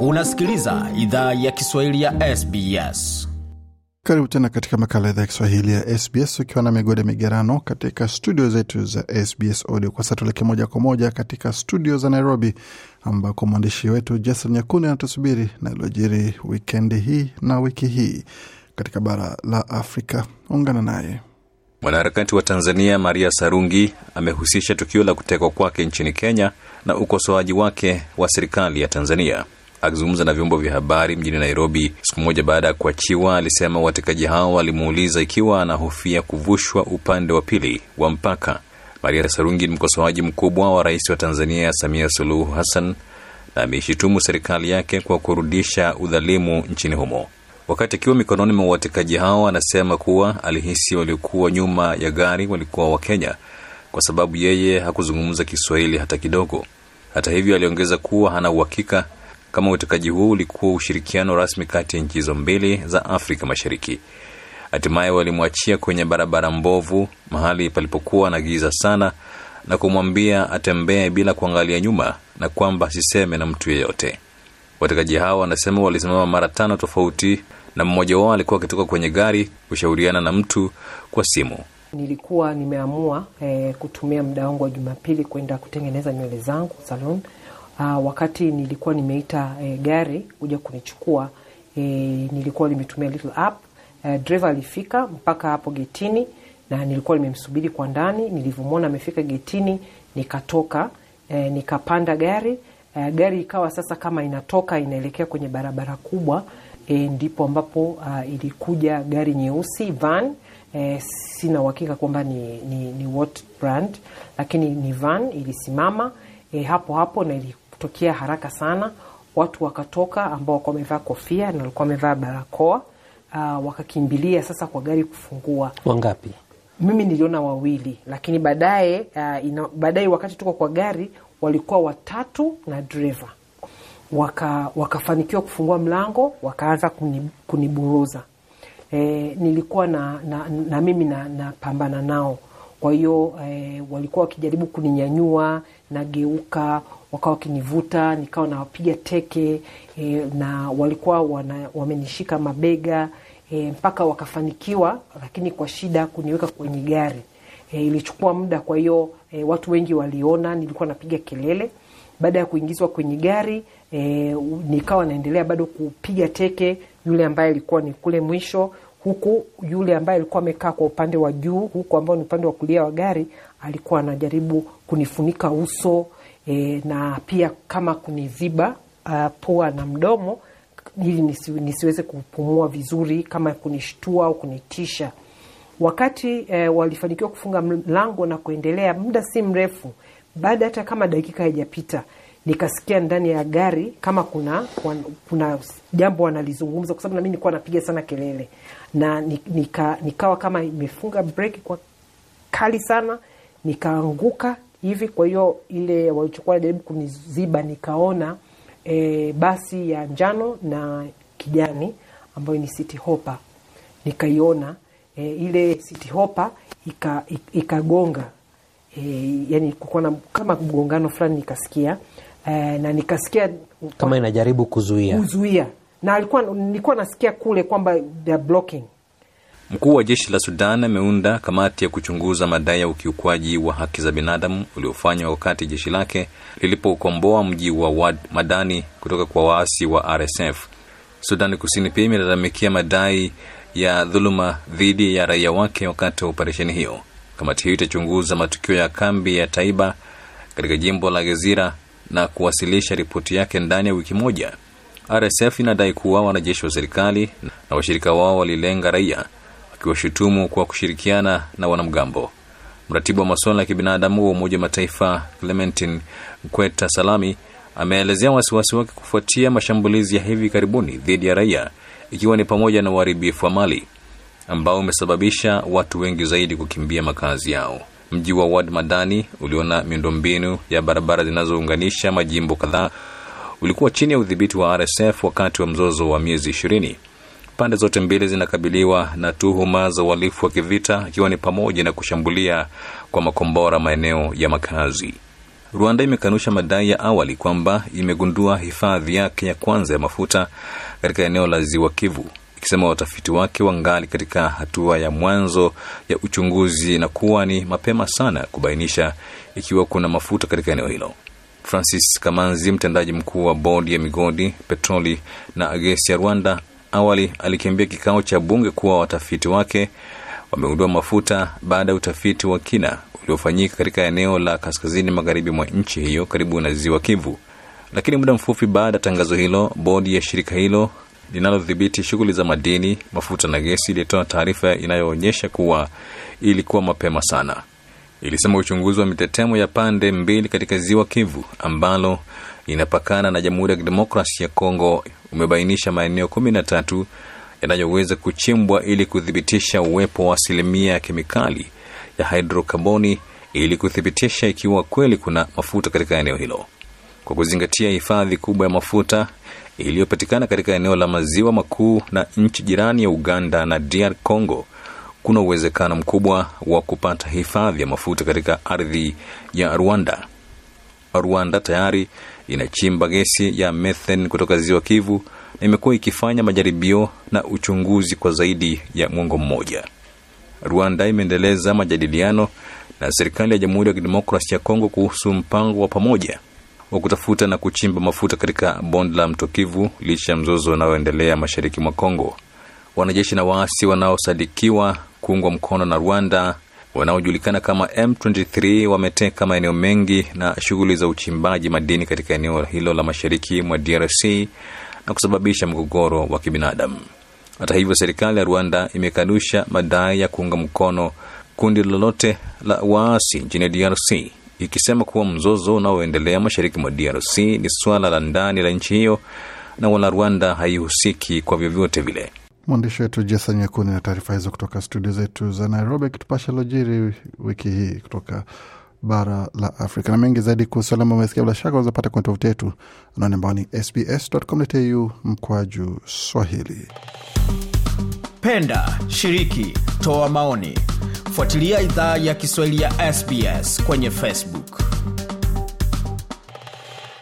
Unasikiliza idhaa ya Kiswahili ya SBS. Karibu tena katika makala idhaa ya Kiswahili ya SBS ukiwa na migode migerano katika studio zetu za SBS Audio. Kwa sasa tuelekee moja kwa moja katika studio za Nairobi ambako mwandishi wetu Jason Nyakundi anatusubiri na iliojiri wikendi hii na wiki hii katika bara la Afrika. Ungana naye. Mwanaharakati wa Tanzania Maria Sarungi amehusisha tukio la kutekwa kwake nchini Kenya na ukosoaji wake wa serikali ya Tanzania. Akizungumza na vyombo vya habari mjini Nairobi siku moja baada ya kuachiwa, alisema watekaji hao walimuuliza ikiwa anahofia kuvushwa upande wa pili wa mpaka. Maria Sarungi ni mkosoaji mkubwa wa rais wa Tanzania Samia Suluhu Hassan na ameishitumu serikali yake kwa kurudisha udhalimu nchini humo. Wakati akiwa mikononi mwa watekaji hao, anasema kuwa alihisi waliokuwa nyuma ya gari walikuwa Wakenya kwa sababu yeye hakuzungumza Kiswahili hata kidogo. Hata hivyo, aliongeza kuwa hana uhakika kama utekaji huu ulikuwa ushirikiano rasmi kati ya nchi hizo mbili za Afrika Mashariki. Hatimaye walimwachia kwenye barabara mbovu, mahali palipokuwa na giza sana, na kumwambia atembee bila kuangalia nyuma na kwamba asiseme na mtu yeyote. Watekaji hao wanasema walisimama mara tano tofauti, na mmoja wao alikuwa akitoka kwenye gari kushauriana na mtu kwa simu. Nilikuwa nimeamua eh, kutumia muda wangu wa Jumapili kwenda kutengeneza nywele zangu salon Aa, ah, wakati nilikuwa nimeita e, gari kuja kunichukua e, nilikuwa limetumia little app e, driver alifika mpaka hapo getini na nilikuwa nimemsubiri kwa ndani. Nilivyomwona amefika getini, nikatoka e, nikapanda gari e, gari ikawa sasa kama inatoka inaelekea kwenye barabara kubwa e, ndipo ambapo a, ah, ilikuja gari nyeusi van e, sina uhakika kwamba ni, ni, ni what brand, lakini ni van ilisimama e, hapo hapo na ilikuwa kutokea haraka sana. Watu wakatoka ambao wamevaa kofia na walikuwa wamevaa barakoa uh, wakakimbilia sasa kwa gari kufungua. Wangapi? Mimi niliona wawili, lakini baadaye uh, baadaye wakati tuko kwa gari walikuwa watatu na dreva waka, wakafanikiwa kufungua mlango wakaanza kuniburuza. E, nilikuwa na, na, na mimi napambana na nao, kwa hiyo e, walikuwa wakijaribu kuninyanyua, nageuka, wakawa wakinivuta, nikawa nawapiga teke e, na walikuwa wana, wamenishika mabega e, mpaka wakafanikiwa, lakini kwa shida kuniweka kwenye gari e, ilichukua muda. Kwa hiyo e, watu wengi waliona nilikuwa napiga kelele. Baada ya kuingizwa kwenye gari e, nikawa naendelea bado kupiga teke yule ambaye alikuwa ni kule mwisho huku yule ambaye alikuwa amekaa kwa upande wa juu, huku ambao ni upande wa kulia wa gari, alikuwa anajaribu kunifunika uso e, na pia kama kuniziba uh, pua na mdomo ili nisi, nisiweze kupumua vizuri, kama kunishtua au kunitisha. Wakati e, walifanikiwa kufunga mlango na kuendelea, muda si mrefu baada hata kama dakika haijapita nikasikia ndani ya gari kama kuna kuna jambo wanalizungumza, kwa sababu nami nilikuwa napiga sana kelele na nika, nikawa kama imefunga kwa kali sana, nikaanguka hivi. Kwa hiyo ile walichokuwa najaribu kuniziba nikaona e, basi ya njano na kijani ambayo ni City hopa nikaiona e, ile City hopa ikagonga ika e, yani kukona, kama mgongano fulani nikasikia e, na nikasikia kama inajaribu kuzuia kuzuia, na alikuwa nilikuwa nasikia kule kwamba they are blocking Mkuu wa jeshi la Sudan ameunda kamati ya kuchunguza madai ya ukiukwaji wa haki za binadamu uliofanywa wakati jeshi lake lilipokomboa mji wa Wad Madani kutoka kwa waasi wa RSF. Sudani Kusini pia imelalamikia madai ya dhuluma dhidi ya raia wake wakati wa operesheni hiyo. Kamati hiyo itachunguza matukio ya kambi ya Taiba katika jimbo la Gezira na kuwasilisha ripoti yake ndani ya wiki moja. RSF inadai kuwa wanajeshi wa serikali na washirika wao walilenga raia akiwashutumu kwa kushirikiana na wanamgambo. Mratibu wa masuala ya kibinadamu wa Umoja Mataifa clementin Kweta Salami ameelezea wasiwasi wake kufuatia mashambulizi ya hivi karibuni dhidi ya raia, ikiwa ni pamoja na uharibifu wa mali ambao umesababisha watu wengi zaidi kukimbia makazi yao. Mji wa Wad Madani miundo miundombinu ya barabara zinazounganisha majimbo kadhaa ulikuwa chini ya udhibiti wa RSF wakati wa mzozo wa miezi ishirini. Pande zote mbili zinakabiliwa na tuhuma za uhalifu wa kivita, ikiwa ni pamoja na kushambulia kwa makombora maeneo ya makazi. Rwanda imekanusha madai ya awali kwamba imegundua hifadhi yake ya kwanza ya mafuta katika eneo la ziwa Kivu, ikisema watafiti wake wangali katika hatua ya mwanzo ya uchunguzi na kuwa ni mapema sana kubainisha ikiwa kuna mafuta katika eneo hilo. Francis Kamanzi, mtendaji mkuu wa bodi ya migodi, petroli na gesi ya Rwanda, Awali alikiambia kikao cha bunge kuwa watafiti wake wamegundua mafuta baada ya utafiti wa kina uliofanyika katika eneo la kaskazini magharibi mwa nchi hiyo karibu na ziwa Kivu. Lakini muda mfupi baada ya tangazo hilo, bodi ya shirika hilo linalodhibiti shughuli za madini, mafuta na gesi ilitoa taarifa inayoonyesha kuwa ilikuwa mapema sana. Ilisema uchunguzi wa mitetemo ya pande mbili katika ziwa Kivu ambalo inapakana na Jamhuri ya kidemokrasi ya Kongo umebainisha maeneo kumi na tatu yanayoweza kuchimbwa ili kuthibitisha uwepo wa asilimia ya kemikali ya hidrokarboni ili kuthibitisha ikiwa kweli kuna mafuta katika eneo hilo. Kwa kuzingatia hifadhi kubwa ya mafuta iliyopatikana katika eneo la maziwa makuu na nchi jirani ya Uganda na DR Congo, kuna uwezekano mkubwa wa kupata hifadhi ya mafuta katika ardhi ya Rwanda. Rwanda tayari inachimba gesi ya methane kutoka ziwa Kivu na imekuwa ikifanya majaribio na uchunguzi kwa zaidi ya mwongo mmoja. Rwanda imeendeleza majadiliano na serikali ya Jamhuri ya Kidemokrasia ya Kongo kuhusu mpango wa pamoja wa kutafuta na kuchimba mafuta katika bonde la mto Kivu licha ya mzozo unaoendelea mashariki mwa Kongo. Wanajeshi na waasi wanaosadikiwa kuungwa mkono na Rwanda wanaojulikana kama M23 wameteka maeneo mengi na shughuli za uchimbaji madini katika eneo hilo la mashariki mwa DRC na kusababisha mgogoro wa kibinadamu. Hata hivyo, serikali ya Rwanda imekanusha madai ya kuunga mkono kundi lolote la waasi nchini DRC ikisema kuwa mzozo unaoendelea mashariki mwa DRC ni suala la ndani la nchi hiyo na wala Rwanda haihusiki kwa vyovyote vile. Mwandishi wetu Jason Nyakuni na taarifa hizo kutoka studio zetu za Nairobi, akitupasha lojiri wiki hii kutoka bara la Afrika na mengi zaidi kuhusu alama umesikia, bila shaka wazapata kwenye tovuti yetu anaone ambao ni sbs.com.au mkwaju Swahili. Penda, shiriki, toa maoni, fuatilia idhaa ya Kiswahili ya SBS kwenye Facebook.